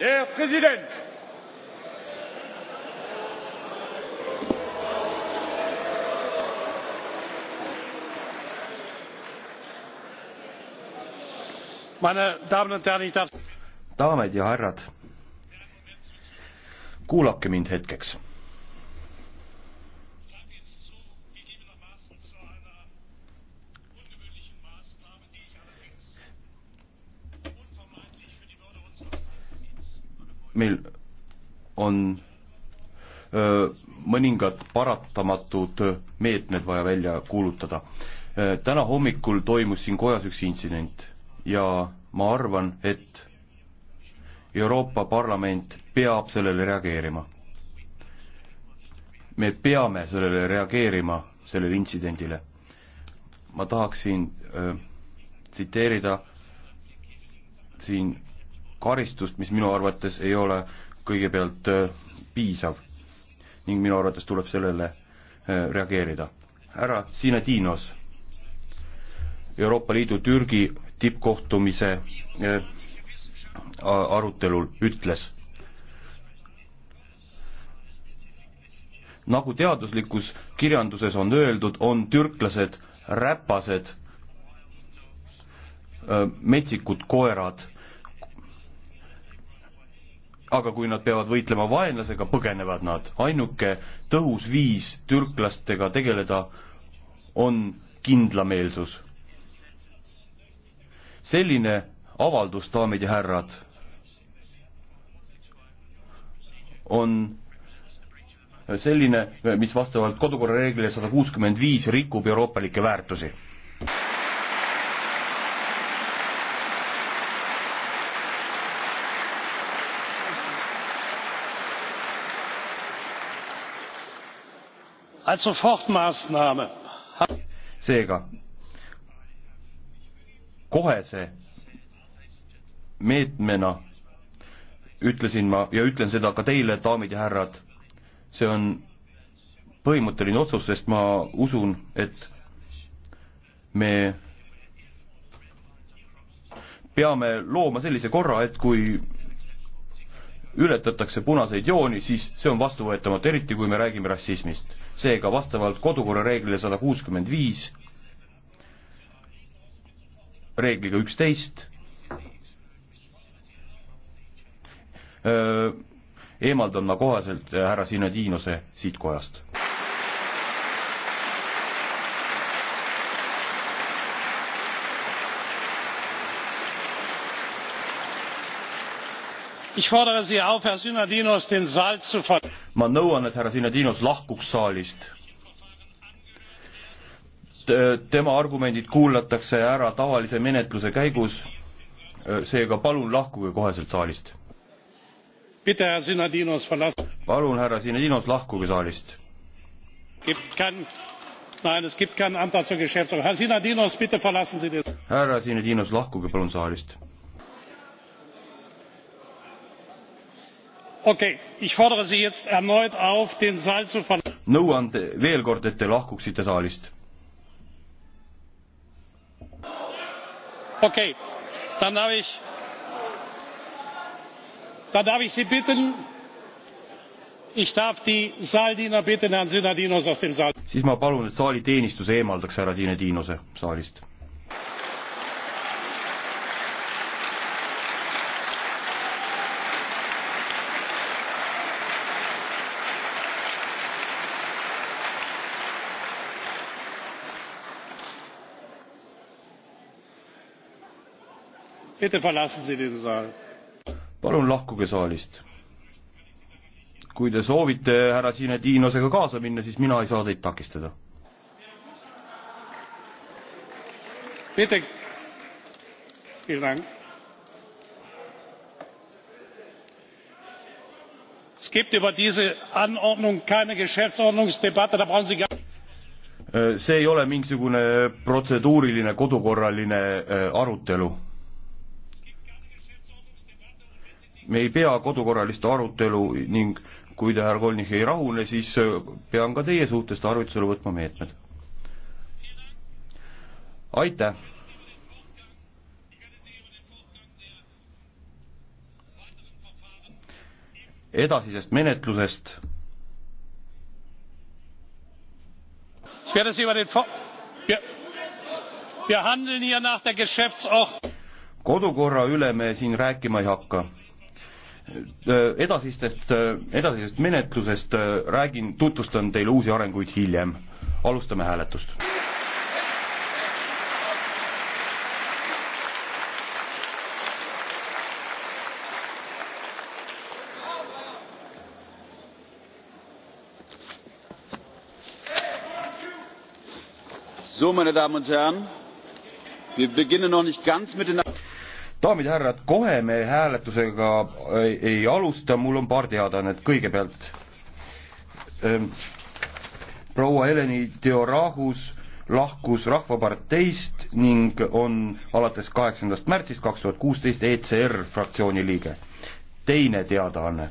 Der Präsident! Meine Damen und Herren, ich darf... daamid ja härrad, kuulake mind hetkeks meil on öö, mõningad paratamatud meetmed vaja välja kuulutada. täna hommikul toimus siin kojas üks intsident ja ma arvan, et Euroopa Parlament peab sellele reageerima. me peame sellele reageerima, sellele intsidendile. ma tahaksin öö, tsiteerida siin karistust, mis minu arvates ei ole kõigepealt äh, piisav ning minu arvates tuleb sellele äh, reageerida. härra Sinadinos, Euroopa Liidu Türgi tippkohtumise äh, arutelul ütles, nagu teaduslikus kirjanduses on öeldud, on türklased räpased, metsikud koerad aga kui nad peavad võitlema vaenlasega, põgenevad nad. ainuke tõhus viis türklastega tegeleda on kindlameelsus. selline avaldus, daamid ja härrad, on selline, mis vastavalt kodukorra reeglile sada kuuskümmend viis rikub euroopalikke väärtusi seega kohese meetmena ütlesin ma ja ütlen seda ka teile, daamid ja härrad, see on põhimõtteline otsus, sest ma usun, et me peame looma sellise korra, et kui ületatakse punaseid jooni, siis see on vastuvõetamatu, eriti kui me räägime rassismist. seega vastavalt kodukorra reeglile sada kuuskümmend viis, reegliga üksteist, eemaldan ma kohaselt härra Sinadiinose siit kojast ma nõuan, et härra Synadinos lahkuks saalist. tema argumendid kuulatakse ära tavalise menetluse käigus, seega palun lahkuge koheselt saalist. palun, härra Synadinos, lahkuge saalist. Nein, es gibt keinen Antrag zur Geschäftsordnung. Herr Sinadinos, bitte verlassen Sie das. Herr Sinadinos, lahkuge palun saalist. Okay, ich fordere Sie jetzt erneut auf, den Saal zu verlassen. nõuande veel kord, et te lahkuksite saalist. Okay, dann darf ich, dann darf ich Sie bitten, ich darf die Saaldiener bitten, Herrn Sinadinos aus dem Saal. siis ma palun, et saaliteenistus eemaldaks härra Sinadinose saalist palun lahkuge saalist. kui te soovite härra Sinedinosega kaasa minna, siis mina ei saa teid takistada. Es gibt über diese Anordnung keine Geschäftsordnungsdebatte, da brauchen Sie gar äh, see ei ole mingisugune protseduuriline kodukorraline äh, arutelu me ei pea kodukorralist arutelu ning kui te, härra Kolnich, ei rahune, siis äh, pean ka teie suhtes tarvitusele võtma meetmed. aitäh! edasisest menetlusest kodukorra üle me siin rääkima ei hakka. Äh, edasistest, äh, edasisest menetlusest äh, räägin, tutvustan teile uusi arenguid hiljem. alustame hääletust. So, meine Damen und Herren, wir beginnen noch nicht ganz mit den daamid ja härrad, kohe me hääletusega ei, äh, ei alusta, mul on paar teadaannet, kõigepealt ähm, proua Eleni Teorahus lahkus Rahvaparteist ning on alates kaheksandast märtsist kaks tuhat kuusteist ECR fraktsiooni liige. teine teadaanne